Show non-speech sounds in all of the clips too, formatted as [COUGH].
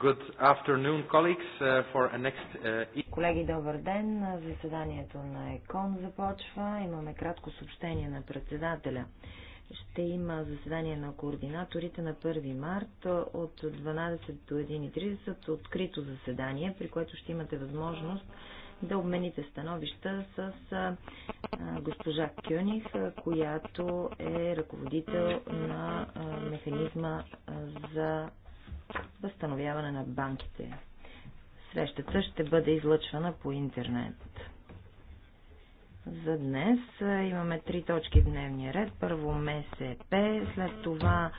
Good afternoon, colleagues, uh, for a next... Uh, e- Колеги, добър ден. Заседанието на ЕКОН започва. Имаме кратко съобщение на председателя. Ще има заседание на координаторите на 1 март от 12 до 1.30, открито заседание, при което ще имате възможност да обмените становища с госпожа Кюних, която е ръководител на механизма за възстановяване на банките. Срещата ще бъде излъчвана по интернет. За днес имаме три точки в дневния ред. Първо МСП, след това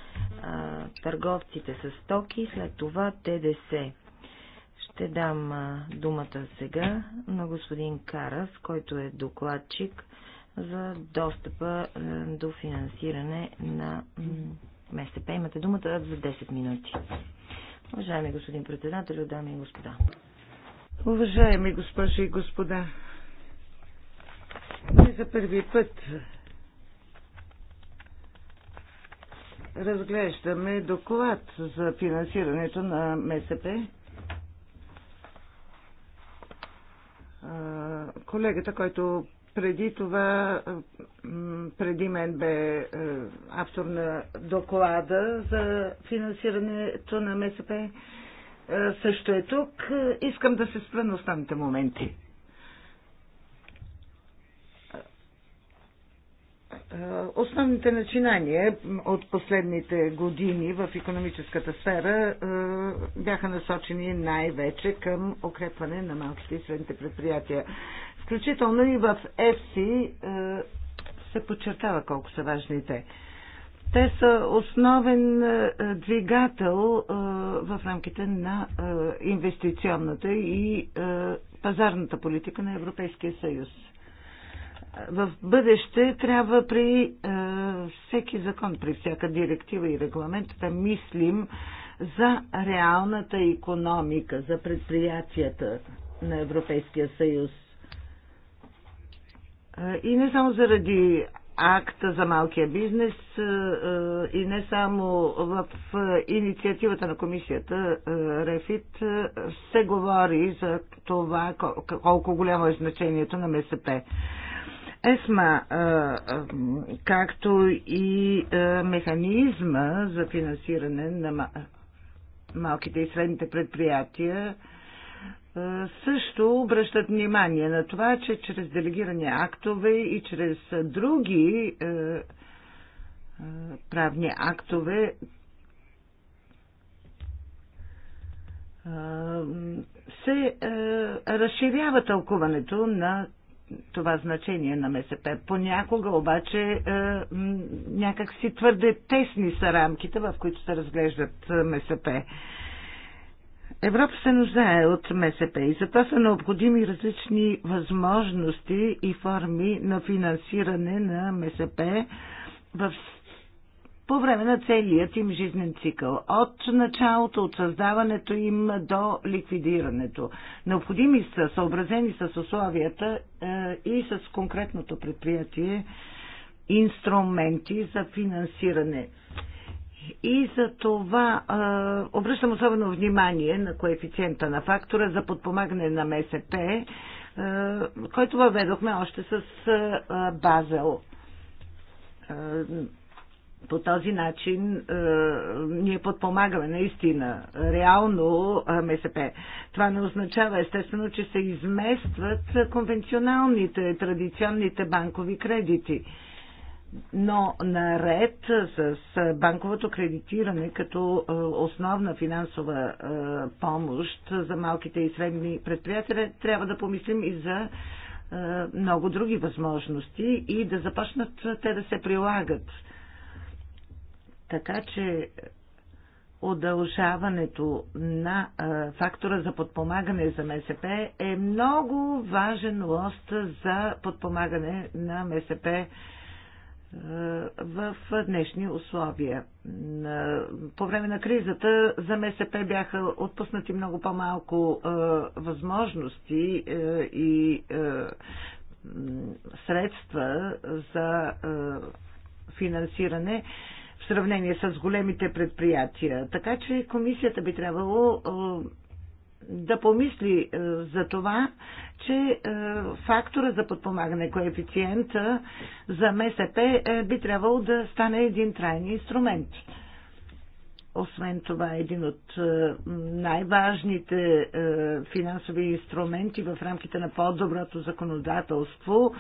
а, търговците с стоки, след това ТДС. Ще дам а, думата сега на господин Карас, който е докладчик за достъпа а, до финансиране на МСП. Имате думата за 10 минути. Уважаеми господин председател, дами и господа. Уважаеми госпожи и господа, ние за първи път разглеждаме доклад за финансирането на МСП. Колегата, който преди това, преди мен бе автор на доклада за финансирането на МСП. Също е тук. Искам да се спра на останалите моменти. Основните начинания от последните години в економическата сфера бяха насочени най-вече към укрепване на малките и средните предприятия. Включително и в ЕФСИ е, се подчертава колко са важни те. Те са основен е, двигател е, в рамките на инвестиционната и пазарната политика на Европейския съюз. В бъдеще трябва при всеки закон, при всяка директива и регламент да мислим за реалната економика, за предприятията на Европейския съюз и не само заради акта за малкия бизнес и не само в инициативата на комисията Рефит се говори за това колко голямо е значението на МСП. ЕСМА, както и механизма за финансиране на малките и средните предприятия, е, също обръщат внимание на това, че чрез делегирани актове и чрез други е, е, правни актове се разширява тълкуването на това значение на МСП. Понякога обаче някак си твърде тесни са рамките, в които се разглеждат МСП. Европа се нуждае от МСП и затова са необходими различни възможности и форми на финансиране на МСП в по време на целият им жизнен цикъл, от началото, от създаването им до ликвидирането. Необходими са, съобразени с условията е, и с конкретното предприятие, инструменти за финансиране. И за това а, обръщам особено внимание на коефициента на фактора за подпомагане на МСП, а, който въведохме още с а, Базел. А, по този начин а, ние подпомагаме наистина реално МСП. Това не означава естествено, че се изместват конвенционалните, традиционните банкови кредити. А, но наред с банковото кредитиране като е, основна финансова е, помощ за малките и средни предприятия, трябва да помислим и за е, много други възможности и да започнат те да се прилагат. Така че удължаването на фактора за подпомагане за МСП е много важен лост за подпомагане на МСП в днешни условия. По време на кризата за МСП бяха отпуснати много по-малко е, възможности е, и е, средства за финансиране в сравнение с големите предприятия. Така че комисията би трябвало да помисли е, за това, че е, фактора за подпомагане, коефициента за МСП е, би трябвало да стане един трайни инструмент. Освен това, един от най-важните финансови инструменти в рамките на по-доброто законодателство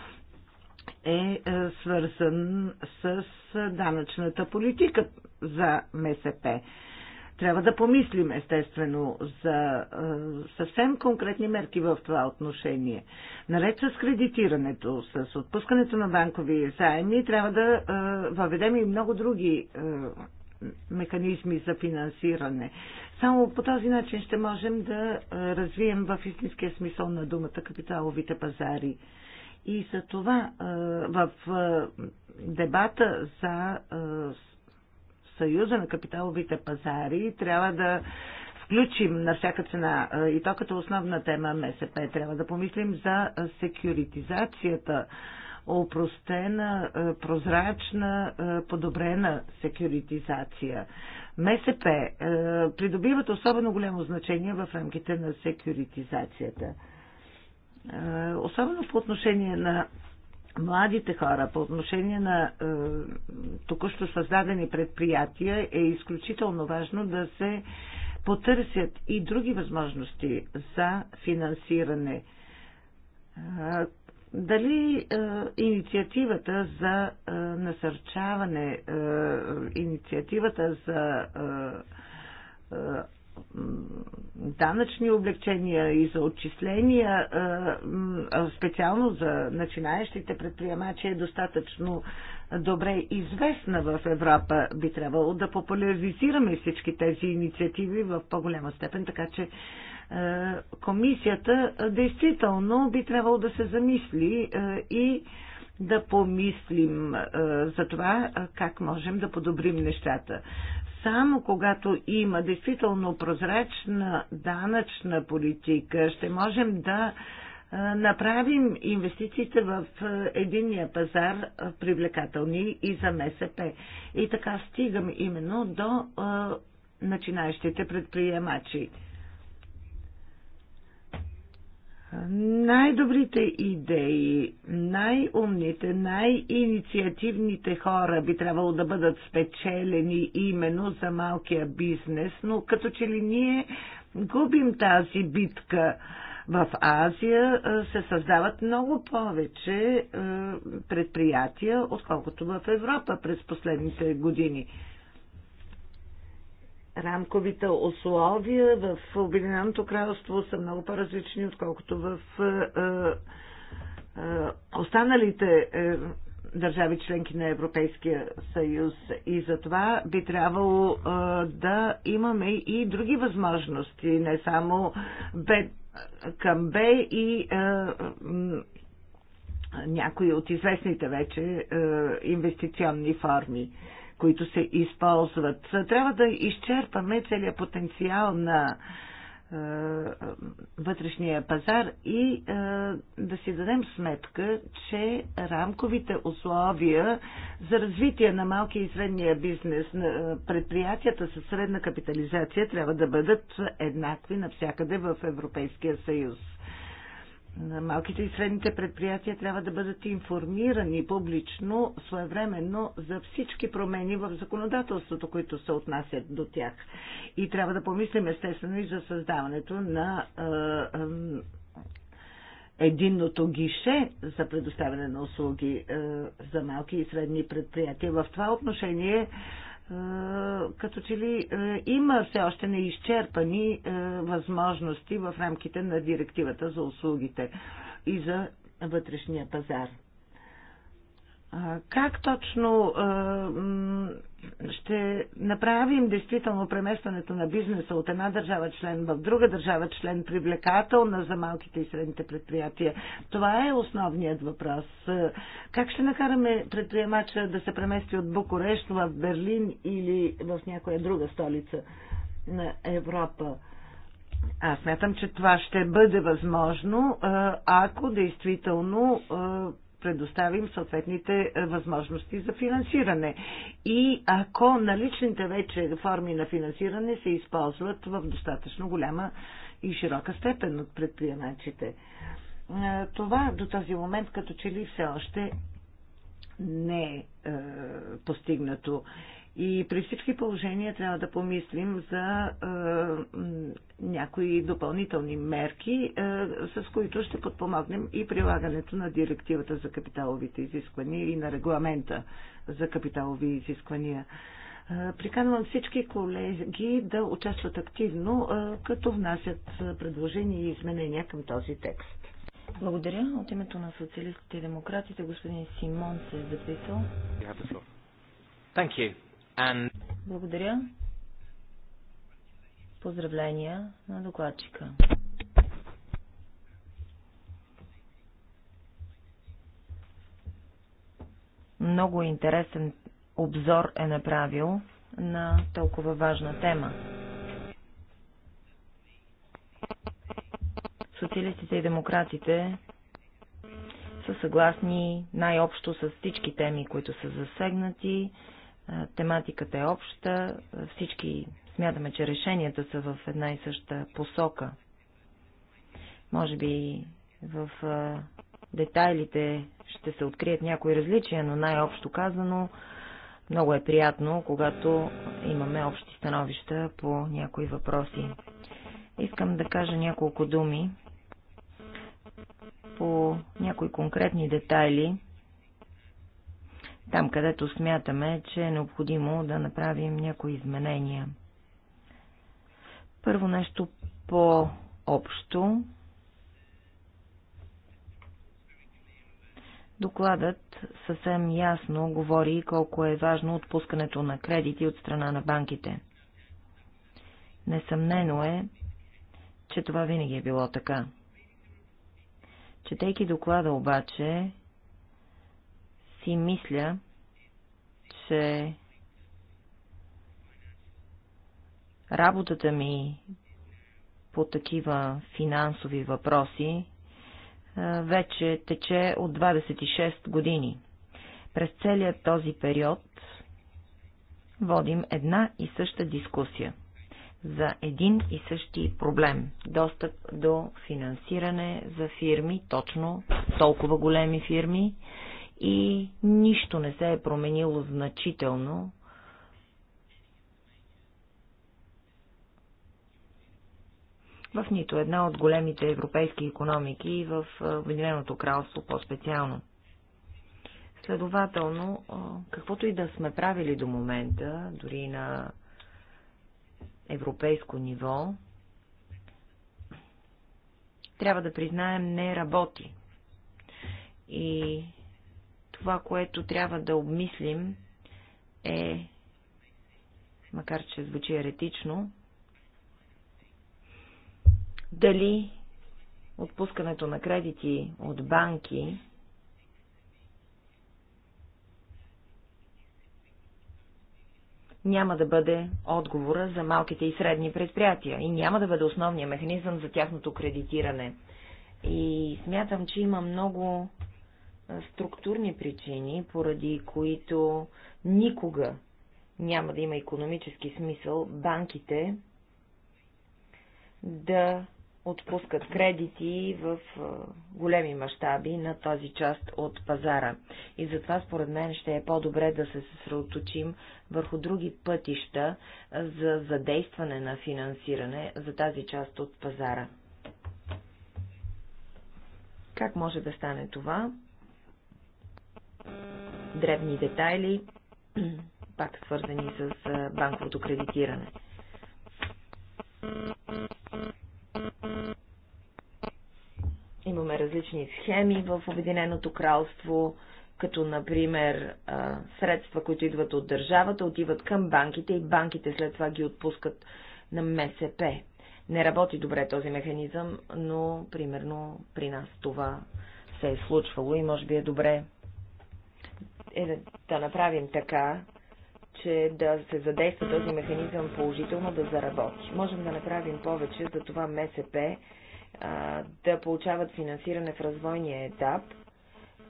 е свързан с данъчната политика за МСП. Трябва да помислим, естествено, за съвсем конкретни мерки в това отношение. Наред с кредитирането, с отпускането на банкови заеми, трябва да въведем и много други механизми за финансиране. Само по този начин ще можем да развием в истинския смисъл на думата капиталовите пазари. И за това в дебата за Съюза на капиталовите пазари трябва да включим на всяка цена и то като основна тема МСП. Трябва да помислим за секюритизацията опростена, прозрачна, подобрена секюритизация. МСП придобиват особено голямо значение в рамките на секюритизацията. Особено по отношение на младите хора по отношение на е, току-що създадени предприятия е изключително важно да се потърсят и други възможности за финансиране. Е, дали е, инициативата за е, насърчаване, е, инициативата за е, е данъчни облегчения и за отчисления, специално за начинаещите предприемачи, е достатъчно добре известна в Европа. Би трябвало да популяризираме всички тези инициативи в по-голяма степен, така че комисията действително би трябвало да се замисли и да помислим за това как можем да подобрим нещата. Само когато има действително прозрачна данъчна политика, ще можем да направим инвестициите в единния пазар привлекателни и за МСП. И така стигам именно до начинаещите предприемачи най-добрите идеи, най-умните, най-инициативните хора би трябвало да бъдат спечелени именно за малкия бизнес, но като че ли ние губим тази битка. В Азия се създават много повече предприятия, отколкото в Европа през последните години рамковите условия в Обединеното кралство са много по-различни, отколкото в е, е, е, останалите държави членки на Европейския съюз. И затова би трябвало да имаме и други възможности, не само Б, към Б и някои от известните вече инвестиционни форми които се използват. Трябва да изчерпаме целият потенциал на е, вътрешния пазар и е, да си дадем сметка, че рамковите условия за развитие на малкия и средния бизнес, на е, предприятията със средна капитализация трябва да бъдат еднакви навсякъде в Европейския съюз на малките и средните предприятия трябва да бъдат информирани публично, своевременно за всички промени в законодателството, които се отнасят до тях. И трябва да помислим естествено и за създаването на единното гише за предоставяне на услуги за малки и средни предприятия. В това отношение като че ли има все още неизчерпани възможности в рамките на директивата за услугите и за вътрешния пазар. Как точно ще направим действително преместването на бизнеса от една държава член в друга държава член привлекателна за малките и средните предприятия? Това е основният въпрос. Как ще накараме предприемача да се премести от Букурещ в Берлин или в някоя друга столица на Европа? Аз смятам, че това ще бъде възможно, ако действително предоставим съответните е, възможности за финансиране. И ако наличните вече форми на финансиране се използват в достатъчно голяма и широка степен от предприемачите. Е, това до този момент като че ли все още не е, е постигнато. И при всички положения трябва да помислим за е, някои допълнителни мерки, е, с които ще подпомогнем и прилагането на директивата за капиталовите изисквания и на регламента за капиталови изисквания. Е, приканвам всички колеги да участват активно, е, като внасят предложения и изменения към този текст. Благодаря. От името на социалистите и демократите господин Симон се е записал. Thank you and... Благодаря. Поздравления на докладчика. Много интересен обзор е направил на толкова важна тема. Социалистите и демократите са съгласни най-общо с всички теми, които са засегнати Тематиката е обща, всички смятаме, че решенията са в една и съща посока. Може би в детайлите ще се открият някои различия, но най-общо казано много е приятно, когато имаме общи становища по някои въпроси. Искам да кажа няколко думи по някои конкретни детайли, там където смятаме, че е необходимо да направим някои изменения. Първо нещо по-общо. Докладът съвсем ясно говори колко е важно отпускането на кредити от страна на банките. Несъмнено е, че това винаги е било така. Четейки доклада обаче, си мисля, че работата ми по такива финансови въпроси вече тече от 26 години. През целият този период водим една и съща дискусия за един и същи проблем – достъп до финансиране за фирми, точно толкова големи фирми, и нищо не се е променило значително. В нито една от големите европейски економики и в Обединеното кралство по-специално. Следователно, каквото и да сме правили до момента, дори на европейско ниво, трябва да признаем, не работи. И това, което трябва да обмислим е, макар че звучи еретично, дали отпускането на кредити от банки няма да бъде отговора за малките и средни предприятия и няма да бъде основния механизъм за тяхното кредитиране. И смятам, че има много структурни причини, поради които никога няма да има економически смисъл банките да отпускат кредити в големи мащаби на тази част от пазара. И затова според мен ще е по-добре да се съсредоточим върху други пътища за задействане на финансиране за тази част от пазара. Как може да стане това? дребни детайли, [CLEARS THROAT] пак свързани с банковото кредитиране. Имаме различни схеми в Обединеното кралство, като например средства, които идват от държавата, отиват към банките и банките след това ги отпускат на МСП. Не работи добре този механизъм, но примерно при нас това се е случвало и може би е добре е да направим така, че да се задейства този механизъм положително да заработи. Можем да направим повече за това МСП а, да получават финансиране в развойния етап.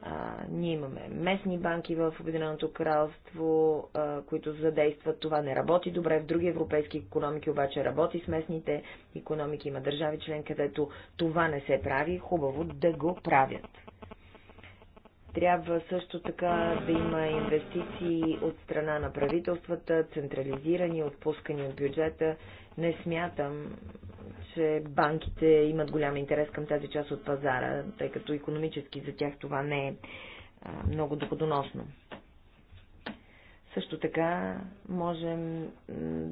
А, ние имаме местни банки в Обединеното кралство, а, които задействат това. Не работи добре в други европейски економики, обаче работи с местните економики. Има държави член, където това не се прави. Хубаво да го правят. Трябва също така да има инвестиции от страна на правителствата, централизирани, отпускани от бюджета. Не смятам, че банките имат голям интерес към тази част от пазара, тъй като економически за тях това не е много доходоносно. Също така можем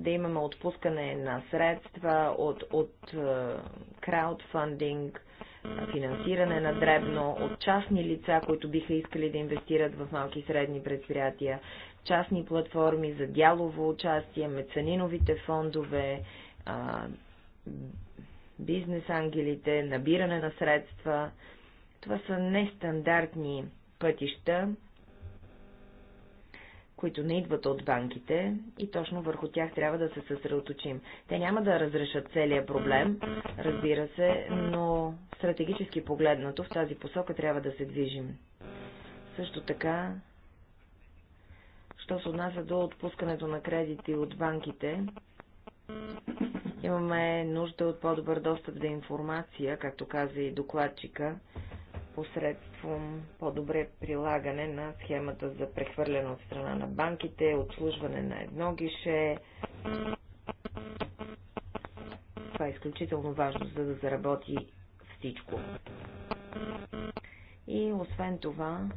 да имаме отпускане на средства от, от краудфандинг, финансиране на дребно, от частни лица, които биха искали да инвестират в малки и средни предприятия, частни платформи за дялово участие, мецаниновите фондове, бизнес ангелите, набиране на средства. Това са нестандартни пътища, които не идват от банките и точно върху тях трябва да се съсредоточим. Те няма да разрешат целият проблем, разбира се, но стратегически погледнато в тази посока трябва да се движим. Също така, що се отнася до отпускането на кредити от банките, имаме нужда от по-добър достъп до информация, както каза и докладчика, посредством по-добре прилагане на схемата за прехвърляне от страна на банките, обслужване на едно гише. Това е изключително важно, за да заработи всичко. И освен това,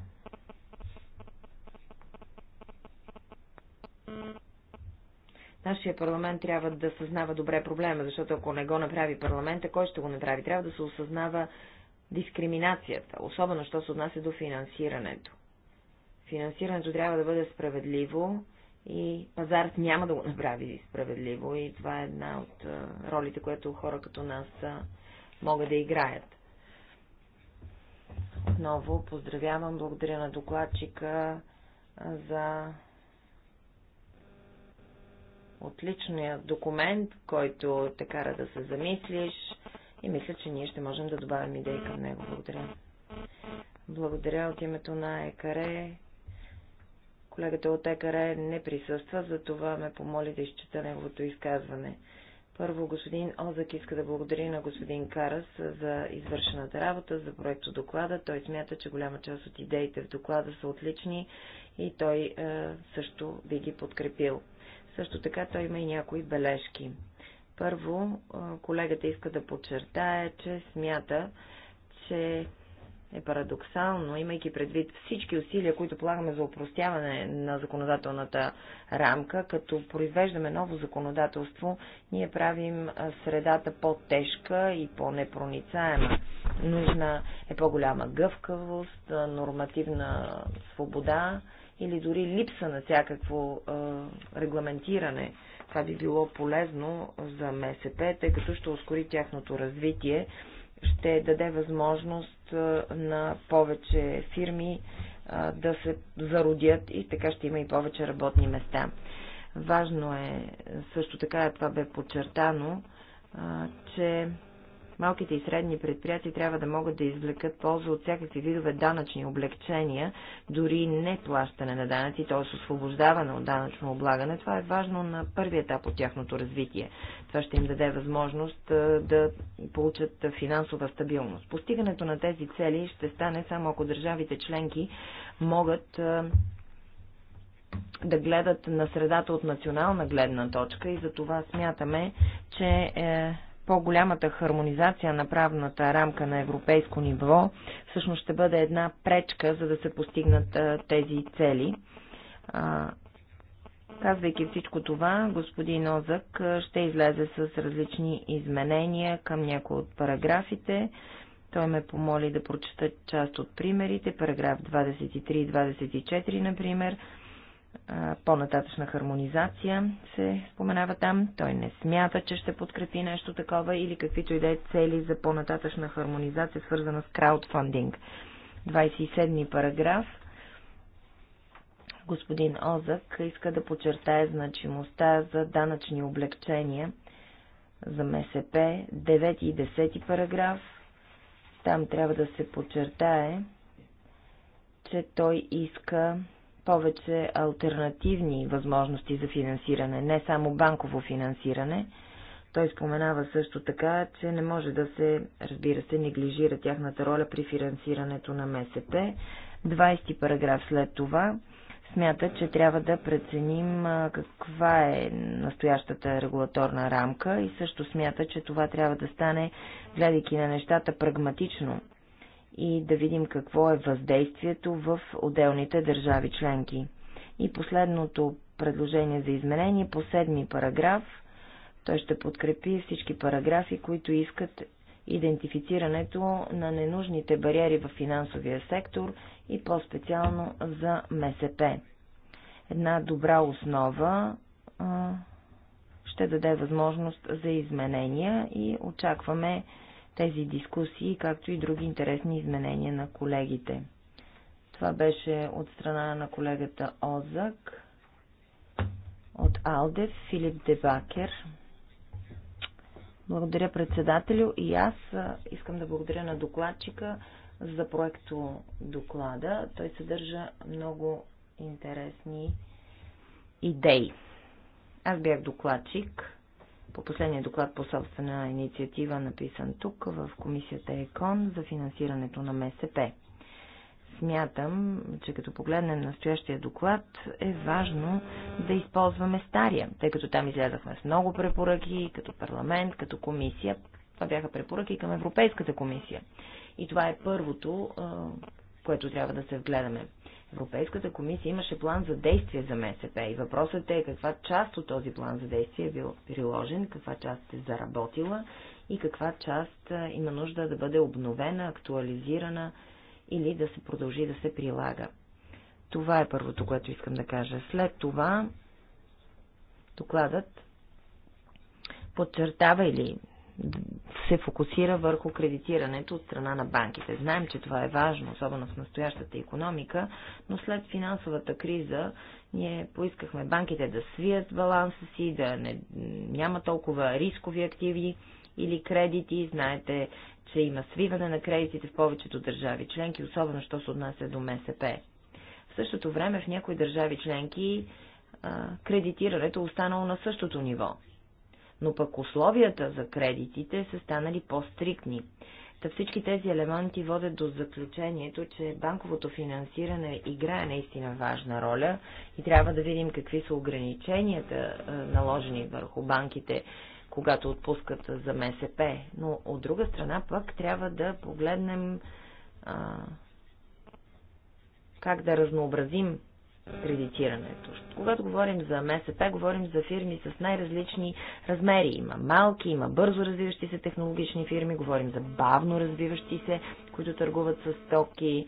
Нашия парламент трябва да съзнава добре проблема, защото ако не го направи парламента, кой ще го направи? Трябва да се осъзнава дискриминацията, особено що се отнася до финансирането. Финансирането трябва да бъде справедливо и пазарът няма да го направи справедливо и това е една от ролите, която хора като нас могат да играят. Отново поздравявам, благодаря на докладчика за отличния документ, който те кара да се замислиш, и мисля, че ние ще можем да добавим идеи към него. Благодаря. Благодаря от името на ЕКАРЕ. Колегата от ЕКАРЕ не присъства, затова ме помоли да изчета неговото изказване. Първо, господин Озак иска да благодари на господин Карас за извършената работа, за проекто доклада. Той смята, че голяма част от идеите в доклада са отлични и той е, също би ги подкрепил. Също така той има и някои бележки. Първо, колегата иска да подчертае, че смята, че е парадоксално, имайки предвид всички усилия, които полагаме за упростяване на законодателната рамка, като произвеждаме ново законодателство, ние правим средата по-тежка и по-непроницаема. Нужна е по-голяма гъвкавост, нормативна свобода или дори липса на всякакво регламентиране. Това би било полезно за МСП, тъй като ще ускори тяхното развитие, ще даде възможност на повече фирми да се зародят и така ще има и повече работни места. Важно е, също така това бе подчертано, че Малките и средни предприятия трябва да могат да извлекат полза от всякакви видове данъчни облегчения, дори не плащане на данъци, т.е. освобождаване от данъчно облагане. Това е важно на първи етап от тяхното развитие. Това ще им даде възможност да получат финансова стабилност. Постигането на тези цели ще стане само ако държавите членки могат да гледат на средата от национална гледна точка и за това смятаме, че е, по-голямата хармонизация на правната рамка на европейско ниво всъщност ще бъде една пречка, за да се постигнат тези цели. Казвайки всичко това, господин Озък ще излезе с различни изменения към някои от параграфите. Той ме помоли да прочета част от примерите, параграф 23 и 24, например, по-нататъчна хармонизация се споменава там. Той не смята, че ще подкрепи нещо такова или каквито и да е цели за по-нататъчна хармонизация, свързана с краудфандинг. 27 параграф. Господин Озък иска да подчертае значимостта за данъчни облегчения за МСП. 9 и 10 параграф. Там трябва да се подчертае, че той иска повече альтернативни възможности за финансиране, не само банково финансиране. Той споменава също така, че не може да се, разбира се, неглижира тяхната роля при финансирането на МСП. 20 параграф след това смята, че трябва да преценим каква е настоящата регулаторна рамка и също смята, че това трябва да стане, гледайки на нещата прагматично, и да видим какво е въздействието в отделните държави членки. И последното предложение за изменение по седми параграф. Той ще подкрепи всички параграфи, които искат идентифицирането на ненужните бариери в финансовия сектор и по-специално за МСП. Една добра основа ще даде възможност за изменения и очакваме тези дискусии, както и други интересни изменения на колегите. Това беше от страна на колегата Озак, от Алдев, Филип Дебакер. Благодаря председателю и аз искам да благодаря на докладчика за проекто доклада. Той съдържа много интересни идеи. Аз бях докладчик по последния доклад по собствена инициатива, написан тук в комисията ЕКОН за финансирането на МСП. Смятам, че като погледнем настоящия доклад, е важно да използваме стария, тъй като там излязахме с много препоръки, като парламент, като комисия. Това бяха препоръки към Европейската комисия. И това е първото, което трябва да се вгледаме. Европейската комисия имаше план за действие за МСП и въпросът е каква част от този план за действие е бил приложен, каква част е заработила и каква част има нужда да бъде обновена, актуализирана или да се продължи да се прилага. Това е първото, което искам да кажа. След това докладът подчертава или се фокусира върху кредитирането от страна на банките. Знаем, че това е важно, особено в настоящата економика, но след финансовата криза ние поискахме банките да свият баланса си, да не, няма толкова рискови активи или кредити. Знаете, че има свиване на кредитите в повечето държави членки, особено що се отнася до МСП. В същото време в някои държави членки кредитирането е останало на същото ниво но пък условията за кредитите са станали по-стрикни. Та всички тези елементи водят до заключението, че банковото финансиране играе наистина важна роля и трябва да видим какви са ограниченията наложени върху банките, когато отпускат за МСП. Но от друга страна пък трябва да погледнем а, как да разнообразим кредитирането. Когато говорим за МСП, говорим за фирми с най-различни размери. Има малки, има бързо развиващи се технологични фирми, говорим за бавно развиващи се, които търгуват с стоки,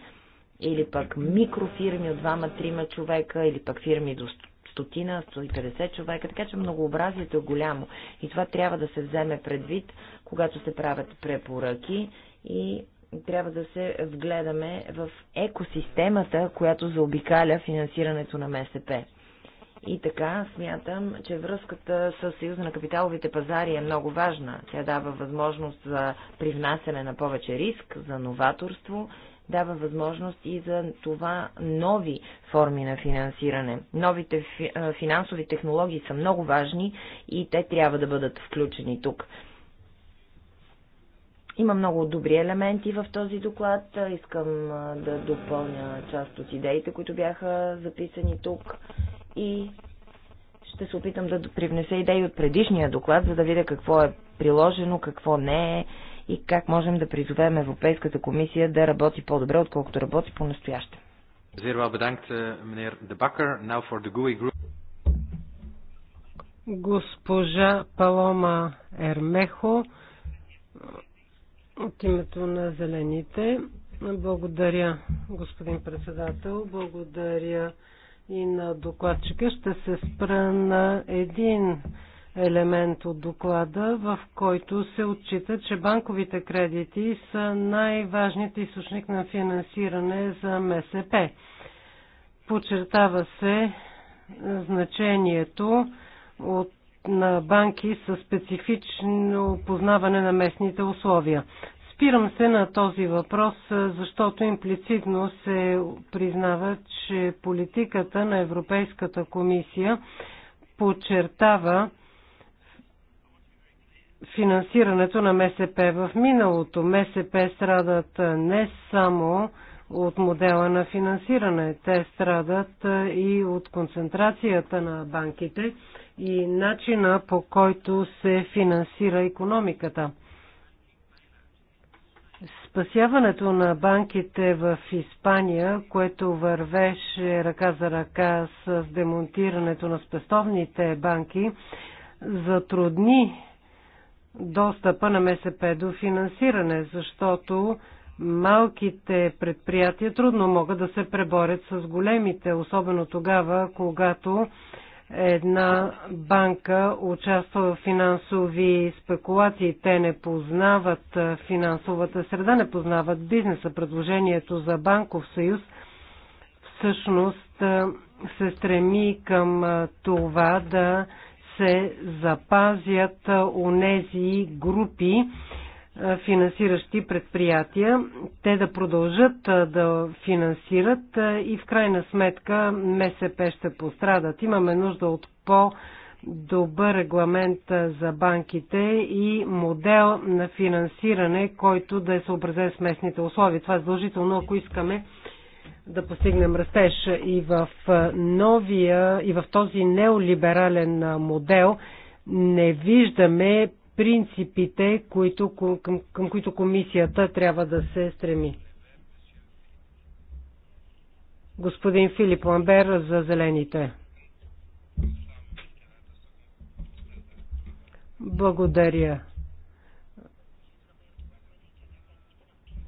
или пък микрофирми от двама-трима човека, или пък фирми до 100 150 човека, така че многообразието е голямо. И това трябва да се вземе предвид, когато се правят препоръки и трябва да се вгледаме в екосистемата, която заобикаля финансирането на МСП. И така смятам, че връзката с Съюза на капиталовите пазари е много важна. Тя дава възможност за привнасяне на повече риск, за новаторство, дава възможност и за това нови форми на финансиране. Новите финансови технологии са много важни и те трябва да бъдат включени тук. Има много добри елементи в този доклад. Искам да допълня част от идеите, които бяха записани тук и ще се опитам да привнеса идеи от предишния доклад, за да видя какво е приложено, какво не е и как можем да призовем Европейската комисия да работи по-добре, отколкото работи по-настояще. Eh, Госпожа Палома Ермехо от името на зелените, благодаря, господин председател, благодаря и на докладчика. Ще се спра на един елемент от доклада, в който се отчита, че банковите кредити са най-важният източник на финансиране за МСП. Подчертава се значението от на банки с специфично познаване на местните условия. Спирам се на този въпрос, защото имплицитно се признава, че политиката на Европейската комисия подчертава финансирането на МСП в миналото. МСП страдат не само от модела на финансиране, те страдат и от концентрацията на банките и начина по който се финансира економиката. Спасяването на банките в Испания, което вървеше ръка за ръка с демонтирането на спестовните банки, затрудни достъпа на МСП до финансиране, защото малките предприятия трудно могат да се преборят с големите, особено тогава, когато една банка участва в финансови спекулации. Те не познават финансовата среда, не познават бизнеса. Предложението за банков съюз всъщност се стреми към това да се запазят нези групи е, финансиращи предприятия, те да продължат е, да финансират е, и в крайна сметка МСП ще пострадат. Имаме нужда от по-добър регламент за банките и модел на финансиране, който да е съобразен с местните условия. Това е задължително, ако искаме да постигнем растеж и в новия, и в този неолиберален модел не виждаме принципите, които, към, към които комисията трябва да се стреми. Господин Филип Ламбер за зелените. Благодаря.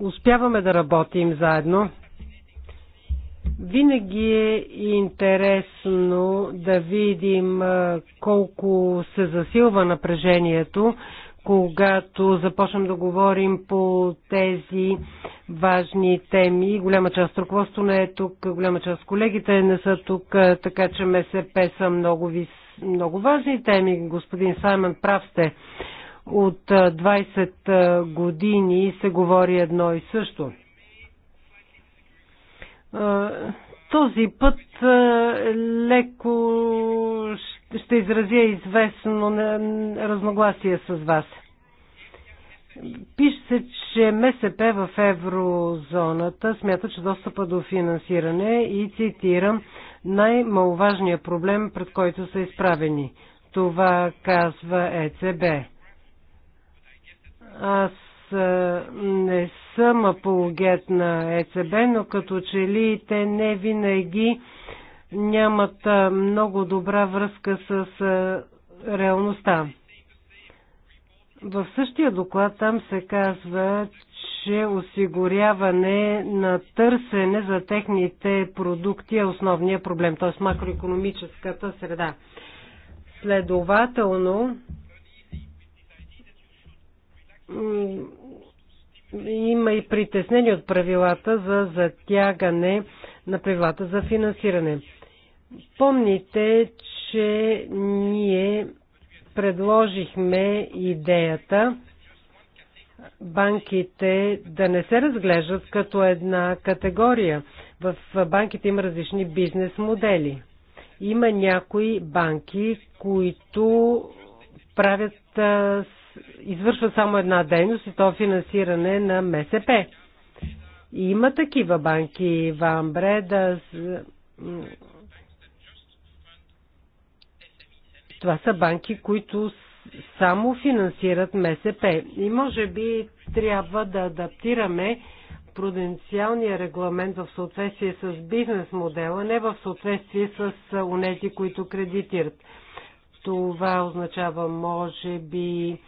Успяваме да работим заедно. Винаги е интересно да видим колко се засилва напрежението, когато започнем да говорим по тези важни теми. Голяма част от ръководството не е тук, голяма част от колегите не са тук, така че МСП са много, ви много важни теми. Господин Саймън, прав сте. От 20 години се говори едно и също. Е, този път е, леко ще изразя известно разногласие с вас. Пише се, че МСП в еврозоната смята, че достъпа до финансиране и цитирам най-маловажният проблем, пред който са изправени. Това казва ЕЦБ. Аз не съм апологет на ЕЦБ, но като че ли те не винаги нямат много добра връзка с реалността. В същия доклад там се казва, че осигуряване на търсене за техните продукти е основният проблем, т.е. макроекономическата среда. Следователно, има и притеснение от правилата за затягане на правилата за финансиране. Помните, че ние предложихме идеята банките да не се разглеждат като една категория. В банките има различни бизнес модели. Има някои банки, които правят Извършва само една дейност и то финансиране на МСП. Има такива банки в Амбреда. Това са банки, които само финансират МСП. И може би трябва да адаптираме пруденциалния регламент в съответствие с бизнес модела, не в съответствие с унези, които кредитират. Това означава, може би,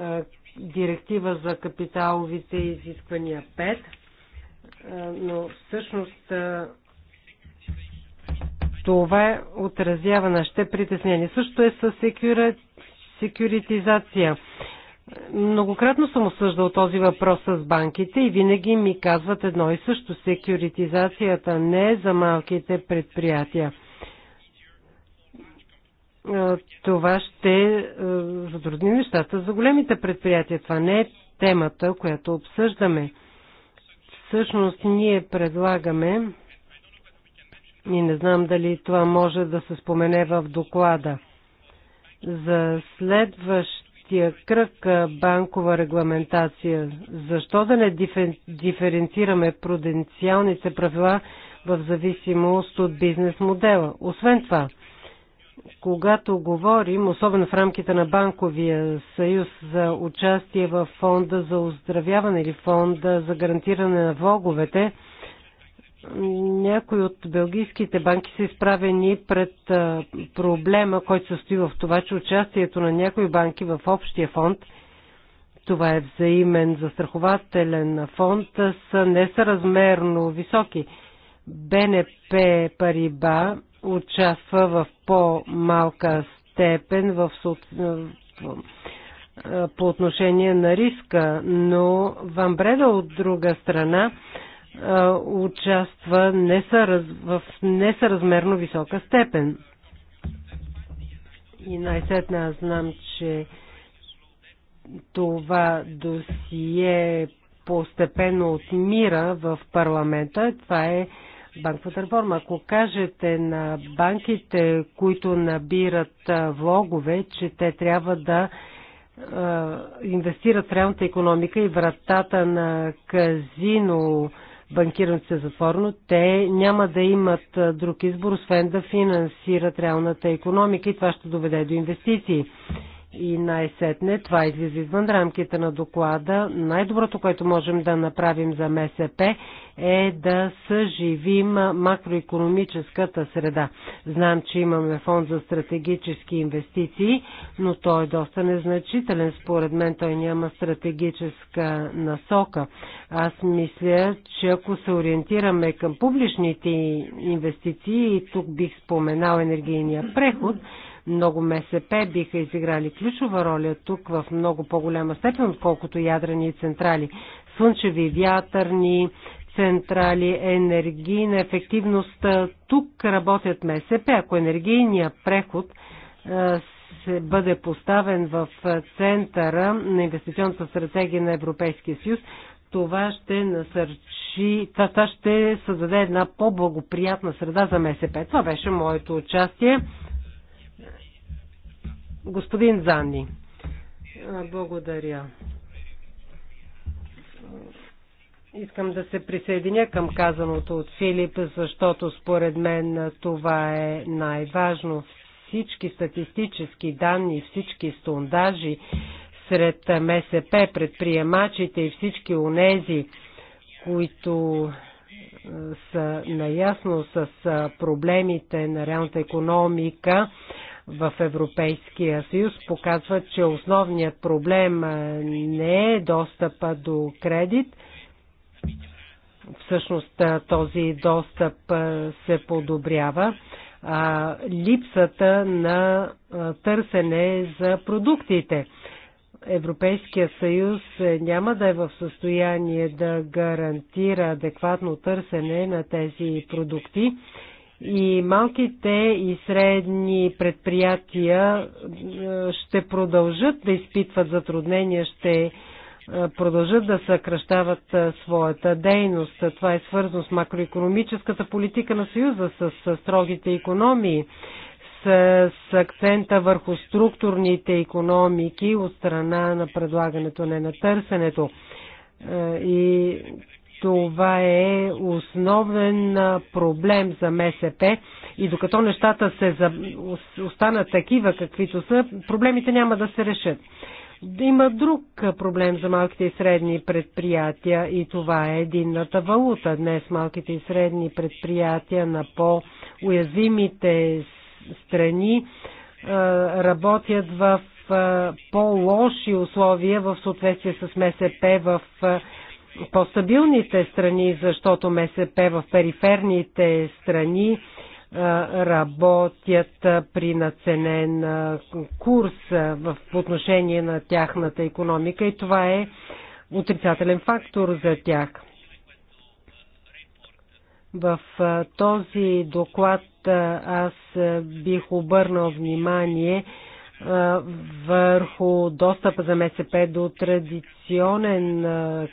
е, директива за капиталовите изисквания 5, е, но всъщност е, това отразява нашите притеснения. Също е с секюритизация. Многократно съм осъждал този въпрос с банките и винаги ми казват едно и също. Секюритизацията не е за малките предприятия. Е, това ще е, затрудни нещата за големите предприятия. Това не е темата, която обсъждаме. Всъщност ние предлагаме, и не знам дали това може да се спомене в доклада, за следващия кръг е, банкова регламентация. Защо да не диференцираме пруденциалните правила в зависимост от бизнес модела? Освен това, когато говорим, особено в рамките на Банковия съюз, за участие в фонда за оздравяване или фонда за гарантиране на влоговете, някои от белгийските банки са изправени пред проблема, който се стои в това, че участието на някои банки в общия фонд, това е взаимен застрахователен фонд, са несъразмерно високи. БНП Париба участва в по-малка степен в, по отношение на риска, но Вамбреда от друга страна участва в несъразмерно висока степен. И най-сетне аз знам, че това досие е постепенно отмира в парламента. Това е банковата реформа. Ако кажете на банките, които набират влогове, че те трябва да инвестират в реалната економика и вратата на казино банкирането се е затворено, те няма да имат друг избор, освен да финансират реалната економика и това ще доведе до инвестиции. И най-сетне, това излиза извън рамките на доклада. Най-доброто, което можем да направим за МСП е да съживим макроекономическата среда. Знам, че имаме фонд за стратегически инвестиции, но той е доста незначителен. Според мен той няма стратегическа насока. Аз мисля, че ако се ориентираме към публичните инвестиции, и тук бих споменал енергийния преход, много МСП биха изиграли ключова роля тук в много по-голяма степен, отколкото ядрени централи. Слънчеви, вятърни, централи, енергийна ефективност. Тук работят МСП. Ако енергийният преход се бъде поставен в центъра на инвестиционната стратегия на Европейския съюз, това ще насърчи, това ще създаде една по-благоприятна среда за МСП. Това беше моето участие. Господин Занни. Благодаря. Искам да се присъединя към казаното от Филип, защото според мен това е най-важно. Всички статистически данни, всички сондажи сред МСП, предприемачите и всички онези, които са наясно с проблемите на реалната економика, в Европейския съюз показват, че основният проблем не е достъпа до кредит. Всъщност този достъп се подобрява. А, липсата на търсене за продуктите. Европейския съюз е, няма да е в състояние да гарантира адекватно търсене на тези продукти и малките и средни предприятия е, ще продължат да изпитват затруднения, ще е, продължат да съкръщават е, своята дейност. Това е свързано с макроекономическата политика на Съюза, с строгите економии, с акцента върху структурните економики от страна на предлагането, не на търсенето. И това е основен проблем за МСП и докато нещата се за... останат такива, каквито са, проблемите няма да се решат. Има друг проблем за малките и средни предприятия и това е единната валута. Днес малките и средни предприятия на по-уязвимите страни работят в по-лоши условия в съответствие с МСП в по-стабилните страни, защото МСП в периферните страни работят при наценен курс в отношение на тяхната економика и това е отрицателен фактор за тях. В този доклад аз бих обърнал внимание върху достъпа за МСП до традиционен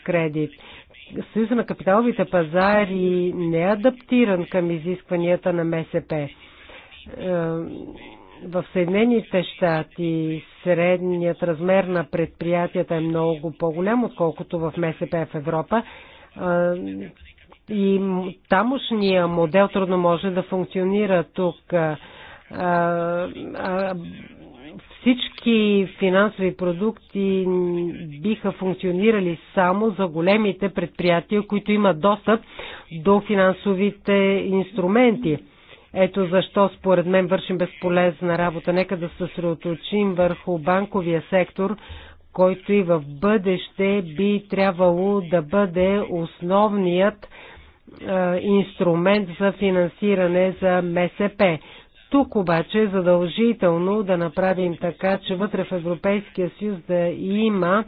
кредит. Съюза на капиталовите пазари не е адаптиран към изискванията на МСП. В Съединените щати средният размер на предприятията е много по-голям, отколкото в МСП в Европа. И тамошния модел трудно може да функционира тук всички финансови продукти биха функционирали само за големите предприятия, които имат достъп до финансовите инструменти. Ето защо според мен вършим безполезна работа. Нека да се съсредоточим върху банковия сектор, който и в бъдеще би трябвало да бъде основният инструмент за финансиране за МСП. Тук обаче е задължително да направим така, че вътре в Европейския съюз да има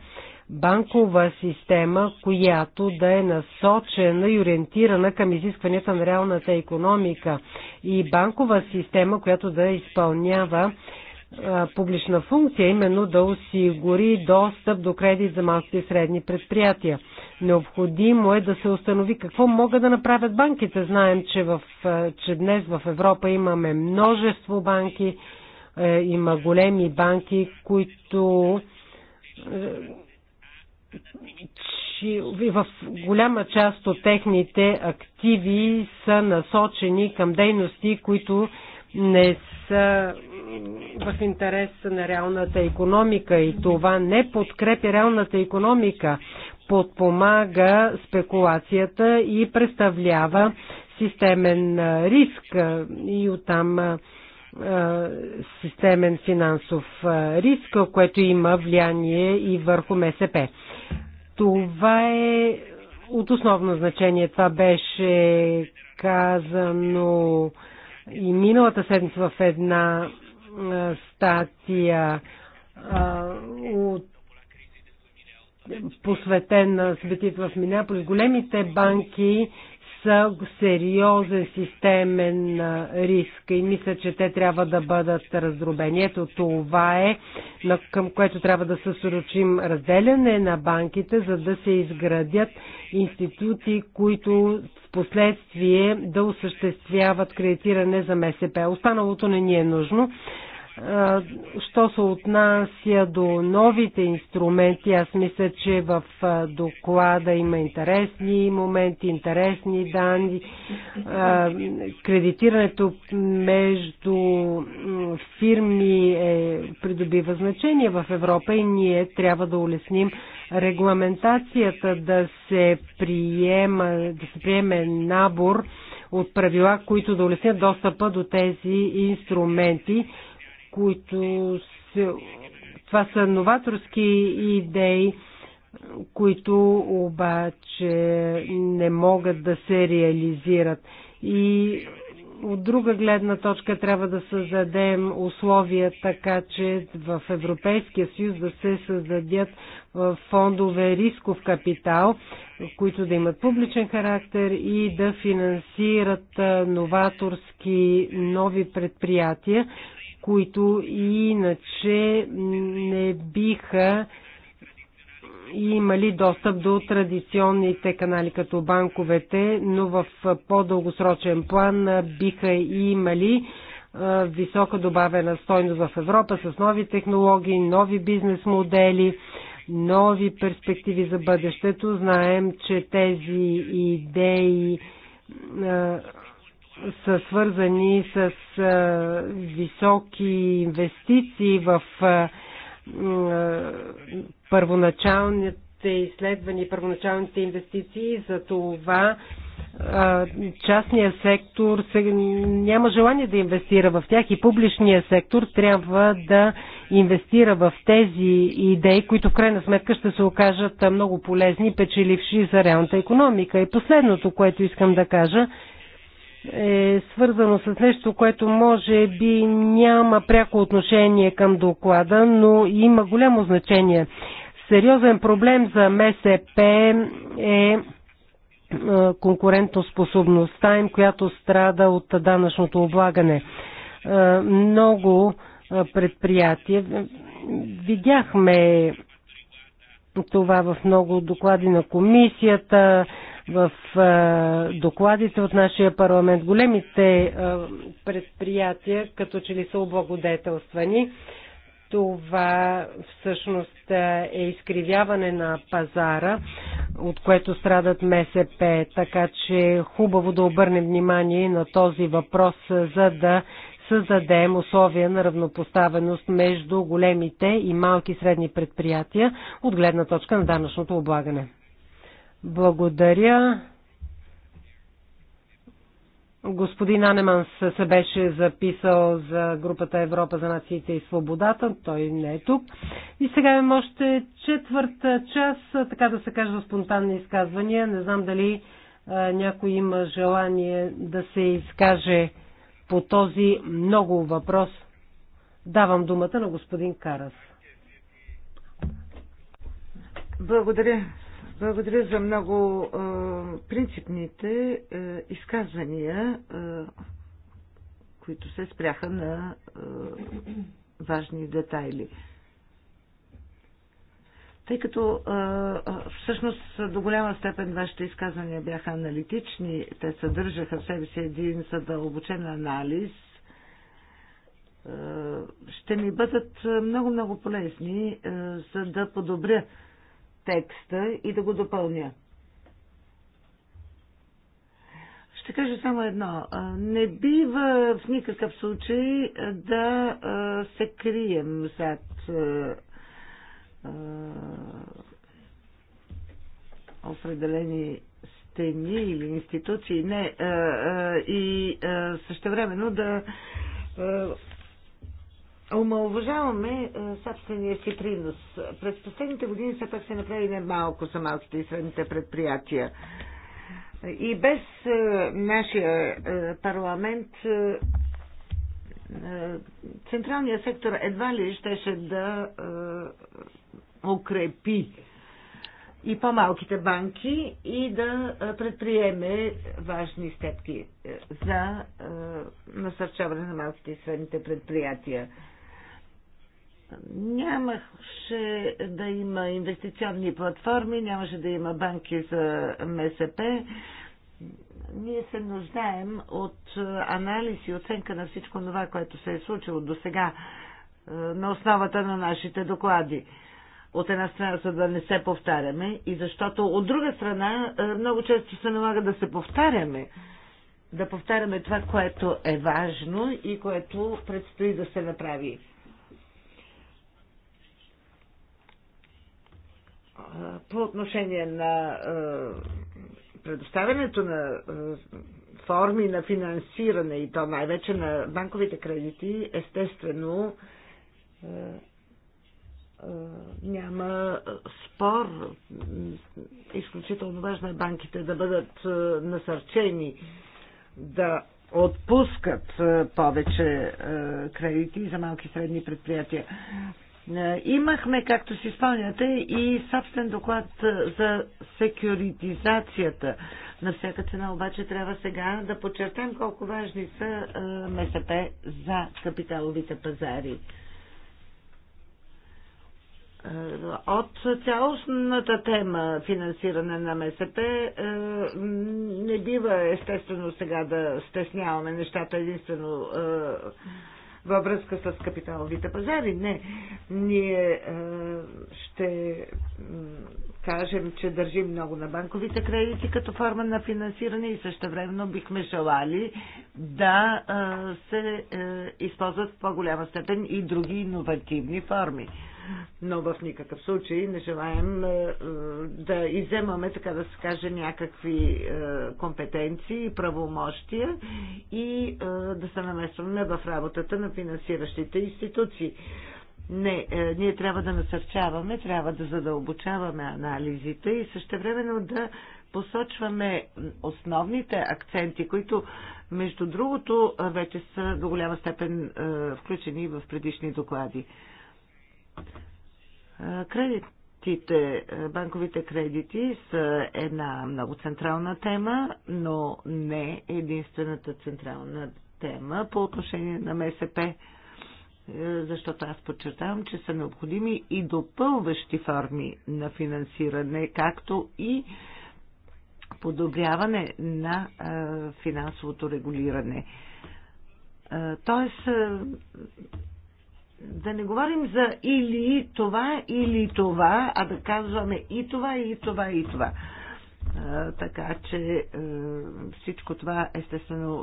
банкова система, която да е насочена и ориентирана към изискванията на реалната економика и банкова система, която да изпълнява публична функция, именно да осигури достъп до кредит за малките и средни предприятия. Необходимо е да се установи какво могат да направят банките. Знаем, че, в, че днес в Европа имаме множество банки, е, има големи банки, които е, в голяма част от техните активи са насочени към дейности, които не са в интерес на реалната економика и това не подкрепи реалната економика, подпомага спекулацията и представлява системен риск и оттам системен финансов риск, което има влияние и върху МСП. Това е от основно значение. Това беше казано и миналата седмица в една статия от посветен на светит в Минеаполис. Големите банки са сериозен системен риск и мисля, че те трябва да бъдат раздробени. Ето това е, към което трябва да се разделяне на банките, за да се изградят институти, които в последствие да осъществяват кредитиране за МСП. Останалото не ни е нужно. Що се отнася до новите инструменти, аз мисля, че в доклада има интересни моменти, интересни данни. Кредитирането между фирми е, придобива значение в Европа и ние трябва да улесним регламентацията да се, приема, да се приеме набор от правила, които да улеснят достъпа до тези инструменти които се... Това са новаторски идеи, които обаче не могат да се реализират. И от друга гледна точка трябва да създадем условия така, че в Европейския съюз да се създадят фондове рисков капитал, които да имат публичен характер и да финансират новаторски нови предприятия, които иначе не биха имали достъп до традиционните канали като банковете, но в по-дългосрочен план биха имали висока добавена стойност в Европа с нови технологии, нови бизнес модели, нови перспективи за бъдещето. Знаем, че тези идеи са свързани с високи инвестиции в първоначалните изследвания, първоначалните инвестиции. За това частния сектор няма желание да инвестира в тях и публичния сектор трябва да инвестира в тези идеи, които в крайна сметка ще се окажат много полезни печеливши за реалната економика. И последното, което искам да кажа, е свързано с нещо, което може би няма пряко отношение към доклада, но има голямо значение. Сериозен проблем за МСП е, е конкурентоспособността им, която страда от данъчното облагане. Е, много е, предприятия. Видяхме това в много доклади на комисията, в докладите от нашия парламент. Големите предприятия като че ли са облагодетелствани. Това всъщност е изкривяване на пазара, от което страдат МСП, така че е хубаво да обърнем внимание на този въпрос, за да създадем условия на равнопоставеност между големите и малки средни предприятия от гледна точка на данъчното облагане. Благодаря. Господин Анеманс се беше записал за групата Европа за нациите и свободата. Той не е тук. И сега имам още четвърта час, така да се каже, спонтанни изказвания. Не знам дали а, е, някой има желание да се изкаже по този много въпрос. Давам думата на господин Карас. Благодаря, благодаря за много е, принципните е, изказвания, е, които се спряха на е, важни детайли. Тъй като всъщност до голяма степен вашите изказвания бяха аналитични, те съдържаха в себе си един задълбочен анализ, ще ми бъдат много-много полезни, за да подобря текста и да го допълня. Ще кажа само едно. Не бива в никакъв случай да се крием зад определени стени или институции. Не. И времено да Омалуважаваме е, собствения си принос. През последните години все пак се направи не малко за малките и средните предприятия. И без е, нашия е, парламент централният сектор едва ли щеше да укрепи и по-малките банки и да предприеме важни стъпки за насърчаване на малките и средните предприятия. Нямаше да има инвестиционни платформи, нямаше да има банки за МСП. Ние се нуждаем от анализ и оценка на всичко това, което се е случило до сега е, на основата на нашите доклади. От една страна, за да не се повтаряме и защото от друга страна е, много често се налага да се повтаряме. Да повтаряме това, което е важно и което предстои да се направи. по отношение на е, предоставянето на е, форми на финансиране и то най-вече на банковите кредити, естествено е, няма спор. Изключително важно е банките да бъдат насърчени да отпускат повече кредити за малки и средни предприятия. Е, имахме, както си спомняте, и собствен доклад е, за секюритизацията. На всяка цена обаче трябва сега да подчертаем колко важни са е, МСП за капиталовите пазари. От цялостната тема финансиране на МСП не бива естествено сега да стесняваме нещата единствено във връзка с капиталовите пазари. Не. Ние е, ще кажем, че държим много на банковите кредити като форма на финансиране и същевременно бихме желали да е, се е, използват в по-голяма степен и други иновативни форми но в никакъв случай не желаем е, е, да иземаме, така да се каже, някакви е, компетенции и правомощия и да се намесваме в работата на финансиращите институции. Не, ние трябва да насърчаваме, трябва да задълбочаваме анализите и същевременно да посочваме основните акценти, които, между другото, вече са до голяма степен включени в предишни доклади. Кредитите, банковите кредити са една много централна тема, но не единствената централна тема по отношение на МСП, защото аз подчертавам, че са необходими и допълващи форми на финансиране, както и подобряване на финансовото регулиране. Тоест, да не говорим за или това, или това, а да казваме и това, и това, и това. Така че всичко това, естествено,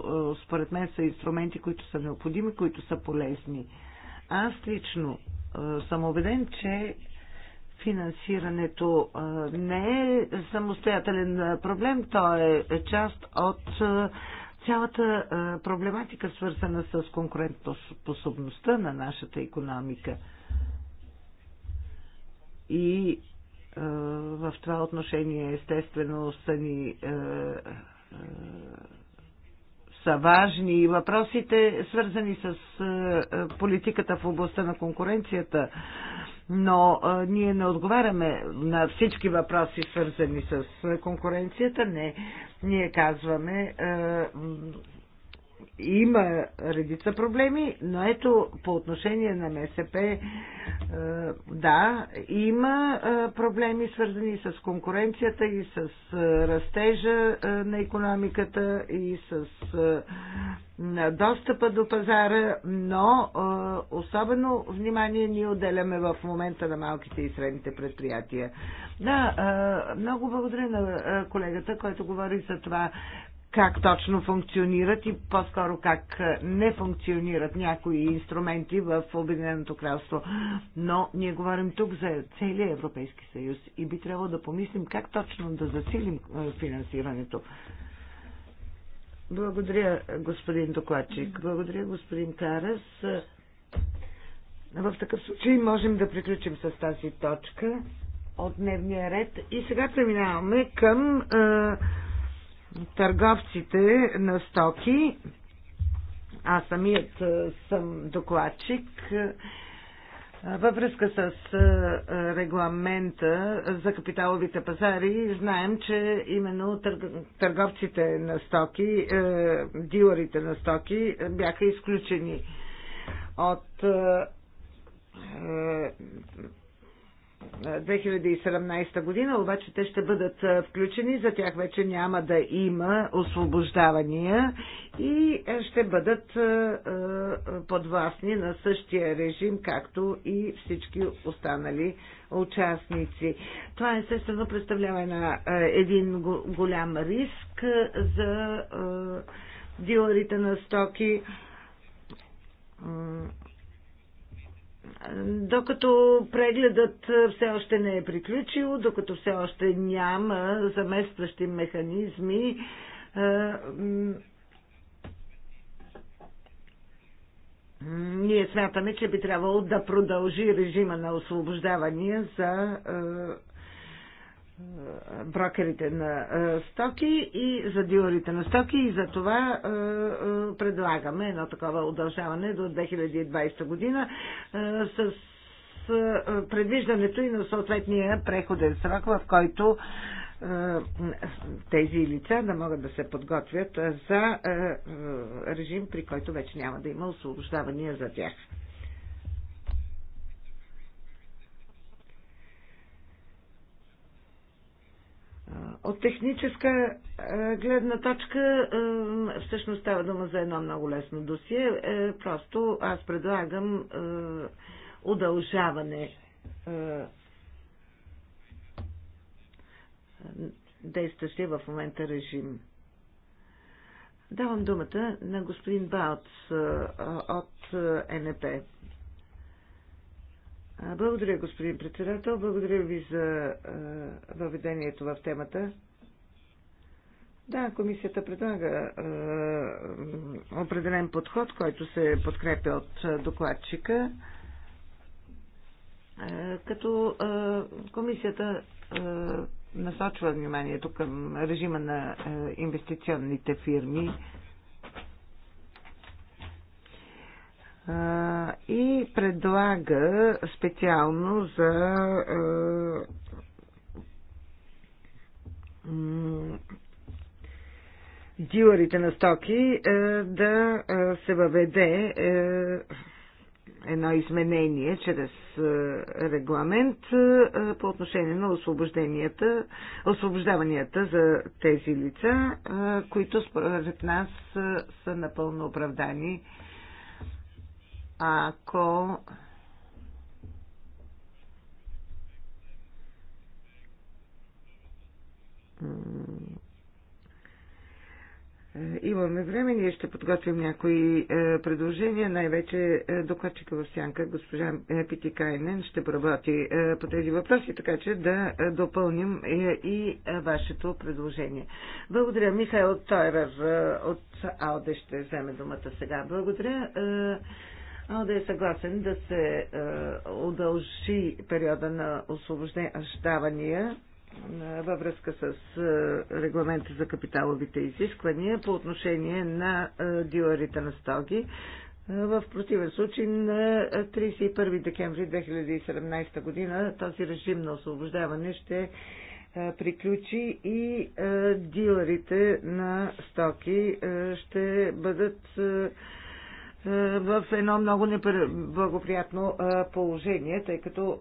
според мен са инструменти, които са необходими, които са полезни. Аз лично съм убеден, че финансирането не е самостоятелен проблем, то е част от цялата проблематика, свързана с конкурентоспособността на нашата економика. И в това отношение, естествено, са ни са важни и въпросите, свързани с политиката в областта на конкуренцията но а, ние не отговаряме на всички въпроси, свързани с конкуренцията. Не, ние казваме, а, има редица проблеми, но ето по отношение на МСП, е, да, има е, проблеми свързани с конкуренцията и с е, растежа на економиката и с достъпа до пазара, но особено внимание ние отделяме в момента на малките и средните предприятия. Да, много благодаря на колегата, който говори за това как точно функционират и по-скоро как не функционират някои инструменти в Обединеното кралство. Но ние говорим тук за целия Европейски съюз и би трябвало да помислим как точно да засилим финансирането. Благодаря, господин докладчик. Благодаря, господин Карас. В такъв случай можем да приключим с тази точка от дневния ред. И сега преминаваме към търговците на стоки. Аз самият съм докладчик. Във връзка с регламента за капиталовите пазари, знаем, че именно търговците на стоки, дилърите на стоки бяха изключени от 2017 година, обаче те ще бъдат включени, за тях вече няма да има освобождавания и ще бъдат подвластни на същия режим, както и всички останали участници. Това естествено представлява една, един голям риск за дилерите на стоки докато прегледът все още не е приключил, докато все още няма заместващи механизми, е, ние смятаме, че би трябвало да продължи режима на освобождавания за е, е, брокерите на е, стоки и за дилерите на стоки и за това е, предлагаме едно такова удължаване до 2020 година с предвиждането и на съответния преходен срок, в който тези лица да могат да се подготвят за режим, при който вече няма да има освобождавания за тях. От техническа е, гледна точка е, всъщност става дума за едно много лесно досие. Е, просто аз предлагам удължаване действащия в момента режим. Давам думата на господин Баутс от НП. Благодаря, господин председател. Благодаря ви за въведението в темата. Да, комисията предлага определен подход, който се подкрепя от докладчика. като комисията насочва вниманието към режима на инвестиционните фирми, и предлага специално за дилърите на стоки да се въведе едно изменение чрез регламент по отношение на освобожденията, освобождаванията за тези лица, които според нас са напълно оправдани ако е, Имаме време, ние ще подготвим някои е, предложения, най-вече е, докладчика в сянка, госпожа Пити Кайнен, ще поработи по тези въпроси, така че да допълним и вашето предложение. Благодаря. Михайл Тойвер от Ауде ще вземе думата сега. Благодаря да е съгласен да се е, удължи периода на освобождавания е, във връзка с е, регламента за капиталовите изисквания по отношение на дилерите на стоги. В противен случай на 31 декември 2017 година този режим на освобождаване ще приключи и дилерите на стоки ще бъдат е, в едно много неблагоприятно е, положение, тъй като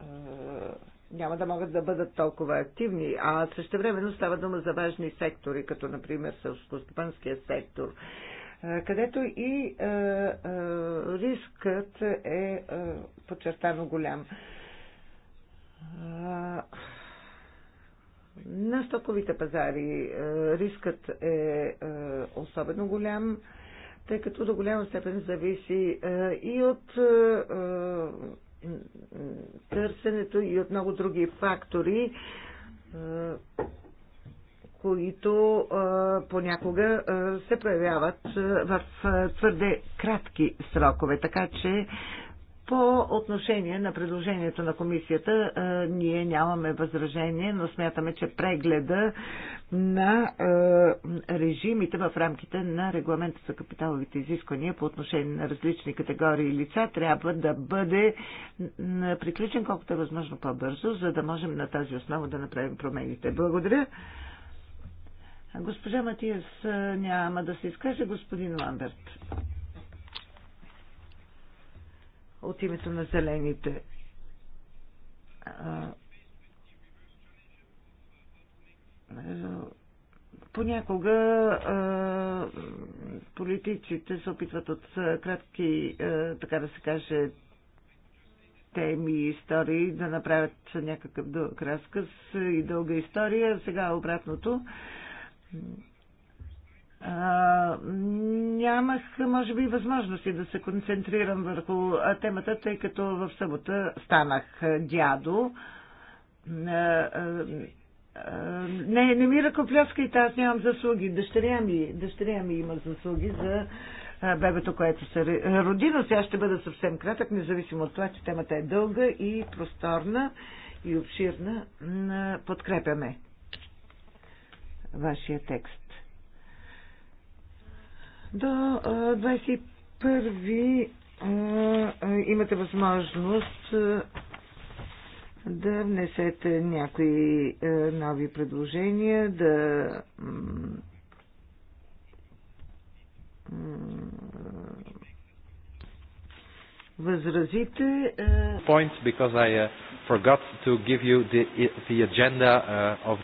е, няма да могат да бъдат толкова активни, а същевременно става дума за важни сектори, като например сълскостопанския сектор, където и рискът е подчертано голям на стоковите пазари е, рискът е, е особено голям, тъй като до голяма степен зависи е, и от търсенето и от много други фактори, които понякога се проявяват в твърде кратки срокове. Така че по отношение на предложението на комисията, ние нямаме възражение, но смятаме, че прегледа на режимите в рамките на регламента за капиталовите изисквания по отношение на различни категории лица трябва да бъде приключен колкото е възможно по-бързо, за да можем на тази основа да направим промените. Благодаря. Госпожа Матиас няма да се изкаже, господин Ламберт от името на зелените. Понякога политиците се опитват от кратки, така да се каже, теми и истории да направят някакъв дълъг разказ и дълга история. Сега обратното а, нямах, може би, възможности да се концентрирам върху темата, тъй като в събота станах дядо. А, а, не, не ми ръкопляскайте, аз нямам заслуги. Дъщеря ми, дъщеря ми има заслуги за бебето, което се роди, но сега ще бъда съвсем кратък, независимо от това, че темата е дълга и просторна и обширна. Подкрепяме вашия текст. До 21 имате възможност да внесете някои нови предложения, да възразите. Points because I uh, forgot to give you the, the agenda uh, of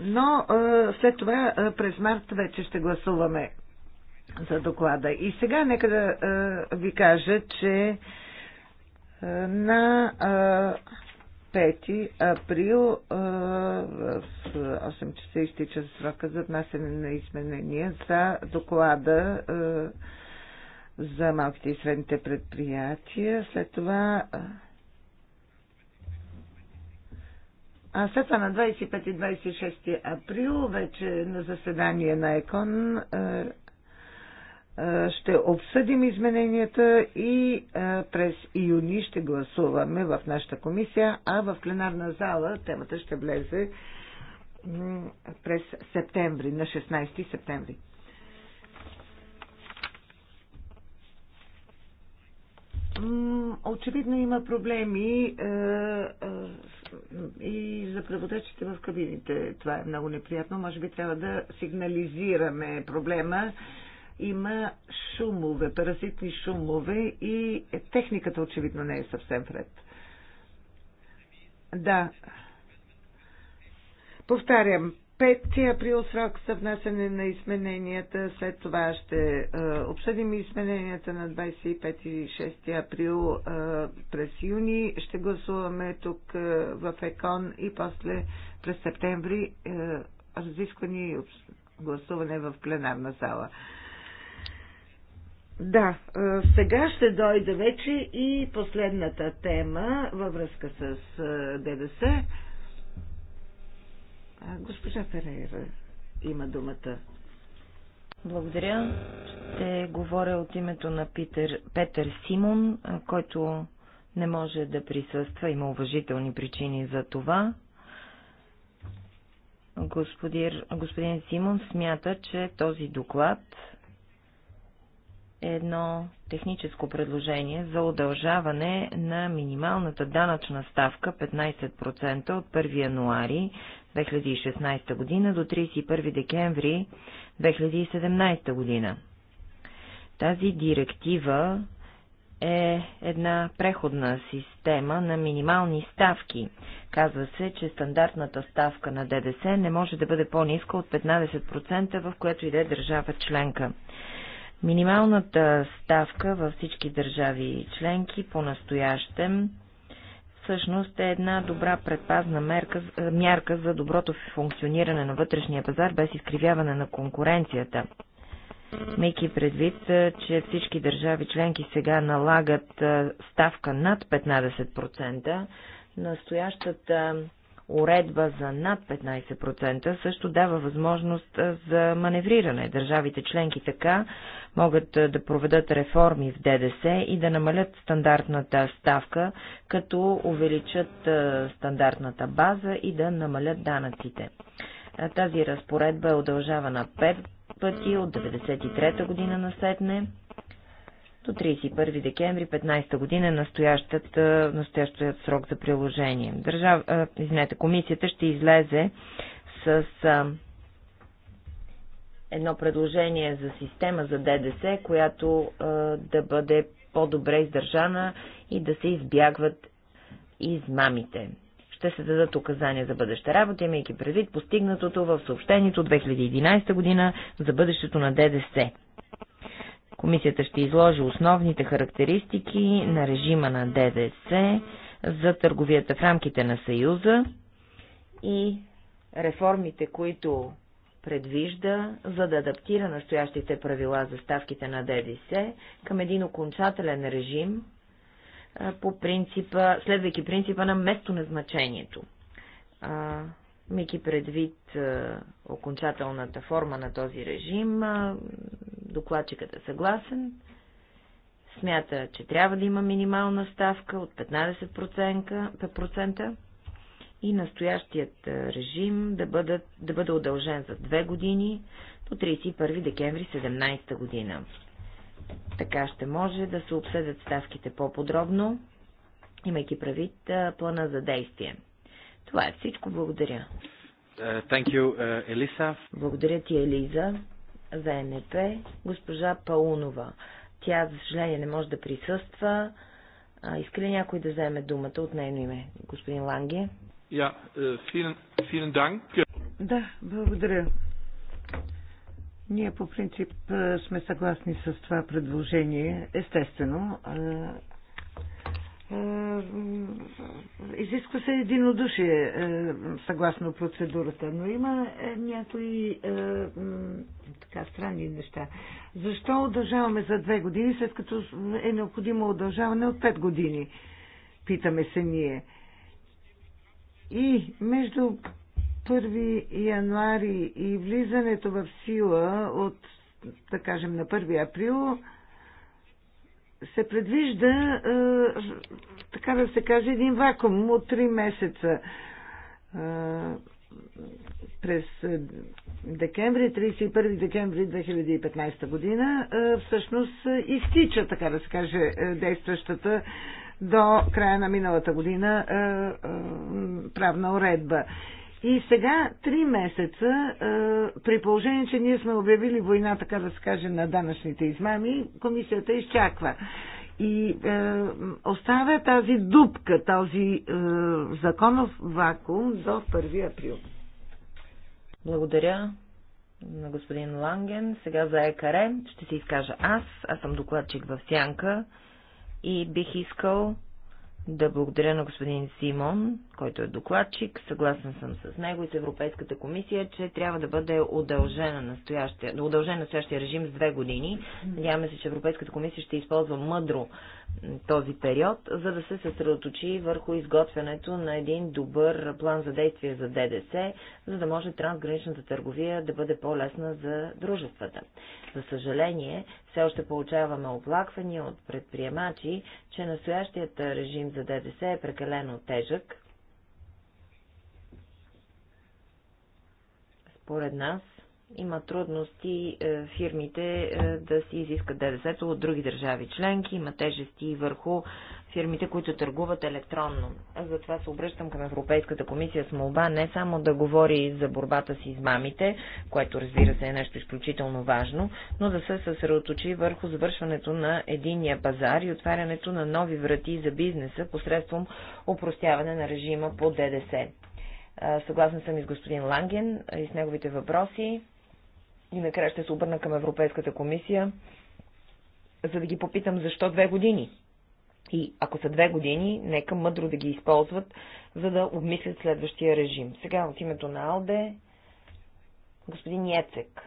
но след това през март вече ще гласуваме за доклада. И сега нека да ви кажа, че на 5 април в 8 часа изтича срока за внасяне на изменения за доклада за малките и средните предприятия. След това А след това на 25 и 26 април вече на заседание на ЕКОН е, е, ще обсъдим измененията и е, през юни ще гласуваме в нашата комисия, а в пленарна зала темата ще влезе през септември, на 16 септември. Очевидно има проблеми е, е, и за преводачите в кабините. Това е много неприятно. Може би трябва да сигнализираме проблема. Има шумове, паразитни шумове и техниката очевидно не е съвсем вред. Да. Повтарям, 5 април срок за внасяне на измененията. След това ще е, обсъдим измененията на 25 и 6 април е, през юни. Ще гласуваме тук е, в ЕКОН и после през септември разискване и гласуване в пленарна зала. Да, сега ще дойде вече и последната тема във връзка с ДДС. Госпожа Ферейра има думата. Благодаря. Ще говоря от името на Питер, Петър Симон, който не може да присъства. Има уважителни причини за това. Господир, господин Симон смята, че този доклад е едно техническо предложение за удължаване на минималната данъчна ставка 15% от 1 януари 2016 година до 31 декември 2017 година. Тази директива е една преходна система на минимални ставки. Казва се, че стандартната ставка на ДДС не може да бъде по-ниска от 15%, в което иде държава членка. Минималната ставка във всички държави членки по-настоящем всъщност е една добра предпазна мерка, е, мярка за доброто функциониране на вътрешния пазар без изкривяване на конкуренцията. Мейки предвид, е, че всички държави членки сега налагат е, ставка над 15%, настоящата уредба за над 15% също дава възможност за маневриране. Държавите членки така могат да проведат реформи в ДДС и да намалят стандартната ставка, като увеличат стандартната база и да намалят данъците. Тази разпоредба е удължавана 5 пъти от 1993 година на седне до 31 декември 15 година е настоящият срок за приложение. Държав, извинете, комисията ще излезе с а, едно предложение за система за ДДС, която а, да бъде по-добре издържана и да се избягват измамите. Ще се дадат указания за бъдеща работа, имайки предвид постигнатото в съобщението 2011 година за бъдещето на ДДС. Комисията ще изложи основните характеристики на режима на ДДС за търговията в рамките на Съюза и реформите, които предвижда, за да адаптира настоящите правила за ставките на ДДС към един окончателен режим, по принципа, следвайки принципа на местоназначението. Мики предвид окончателната форма на този режим, Докладчикът е съгласен. Смята, че трябва да има минимална ставка от 15% и настоящият е, режим да, бъдат, да бъде удължен за две години до 31 декември 2017 година. Така ще може да се обсъдят ставките по-подробно, имайки правит е, плана за действие. Това е всичко. Благодаря. Uh, you, uh, Благодаря ти, Елиза за НП, госпожа Паунова. Тя, за съжаление, не може да присъства. А, иска ли някой да вземе думата от нейно име? Господин Ланге. Ja, е, Да, благодаря. Ние по принцип е, сме съгласни с това предложение. Естествено, е, е, изисква се единодушие е, съгласно процедурата, но има е, някои така странни неща. Защо удължаваме за две години, след като е необходимо удължаване от пет години? Питаме се ние. И между 1 януари и влизането в сила от, да кажем, на 1 април, се предвижда, е, така да се каже, един вакуум от 3 месеца. Е, през декември, 31 декември 2015 година, е, всъщност изтича, така да се каже, действащата до края на миналата година правна уредба. И сега, три месеца, при положение, че ние сме обявили война, така да се каже, на данъчните измами, комисията изчаква. И а, оставя тази дупка, този а, законов вакуум до 1 април. Благодаря на господин Ланген. Сега за ЕКАРЕ ще се изкажа аз. Аз съм докладчик в Сянка и бих искал да благодаря на господин Симон, който е докладчик. Съгласен съм с него и с Европейската комисия, че трябва да бъде удължена настоящия, удължен настоящия режим с две години. Надяваме се, че Европейската комисия ще използва мъдро този период, за да се съсредоточи върху изготвянето на един добър план за действие за ДДС, за да може трансграничната търговия да бъде по-лесна за дружествата. За съжаление, все още получаваме оплаквания от предприемачи, че настоящият режим за ДДС е прекалено тежък. Според нас, има трудности е, фирмите е, да си изискат ДДС от други държави членки, има тежести и върху фирмите, които търгуват електронно. Аз затова се обръщам към Европейската комисия с молба не само да говори за борбата с измамите, което разбира се е нещо изключително важно, но да се съсредоточи върху завършването на единния пазар и отварянето на нови врати за бизнеса посредством упростяване на режима по ДДС. Съгласна съм и с господин Ланген и с неговите въпроси. И накрая ще се обърна към Европейската комисия, за да ги попитам защо две години. И ако са две години, нека мъдро да ги използват, за да обмислят следващия режим. Сега от името на Алде, господин Яцек.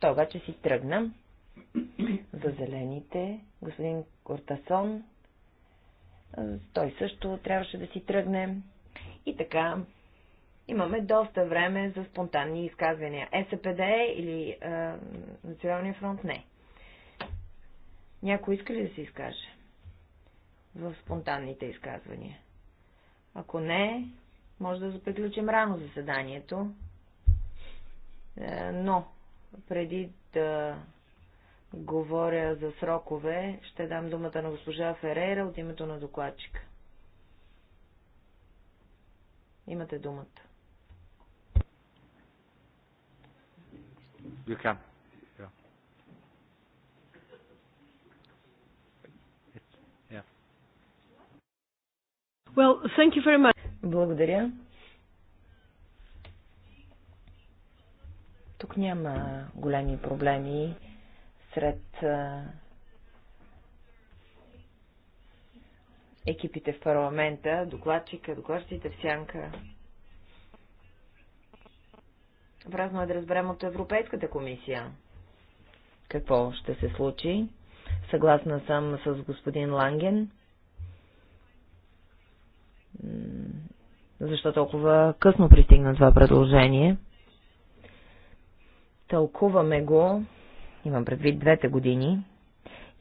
Той обаче си тръгна. За зелените, господин Кортасон, той също трябваше да си тръгне. И така, имаме доста време за спонтанни изказвания. Е СПД или е, Националния фронт не. Някой иска ли да се изкаже в спонтанните изказвания? Ако не, може да заприключим рано заседанието. Е, но, преди да говоря за срокове, ще дам думата на госпожа Ферейра от името на докладчика. Имате думата. Wir can. Yeah. Yeah. Well, thank you very much. Благодаря. Тук няма големи проблеми сред екипите в парламента, докладчика, докладчите в сянка. Важно е да разберем от Европейската комисия какво ще се случи. Съгласна съм с господин Ланген. Защо толкова късно пристигна това предложение? Тълкуваме го, имам предвид двете години.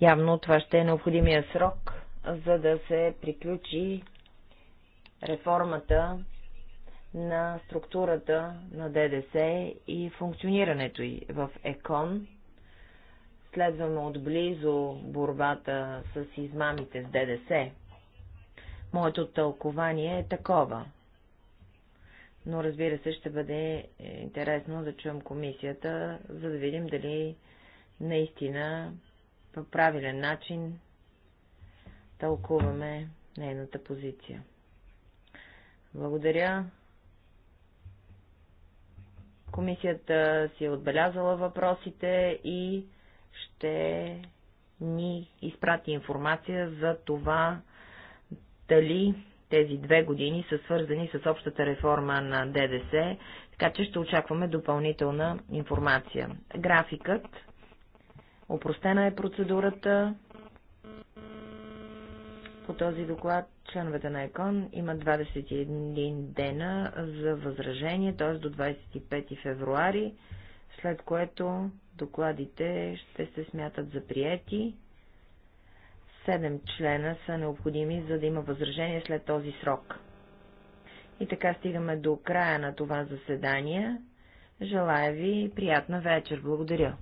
Явно това ще е необходимия срок, за да се приключи реформата на структурата на ДДС и функционирането й в ЕКОН. Следваме отблизо борбата с измамите с ДДС. Моето тълкование е такова. Но разбира се, ще бъде е, интересно да чуем комисията, за да видим дали наистина по правилен начин тълкуваме нейната позиция. Благодаря. Комисията си е отбелязала въпросите и ще ни изпрати информация за това, дали тези две години са свързани с общата реформа на ДДС, така че ще очакваме допълнителна информация. Графикът, опростена е процедурата, по този доклад членовете на ЕКОН имат 21 дена за възражение, т.е. до 25 февруари, след което докладите ще се смятат за приети. 7 члена са необходими, за да има възражение след този срок. И така стигаме до края на това заседание. Желая ви приятна вечер. Благодаря.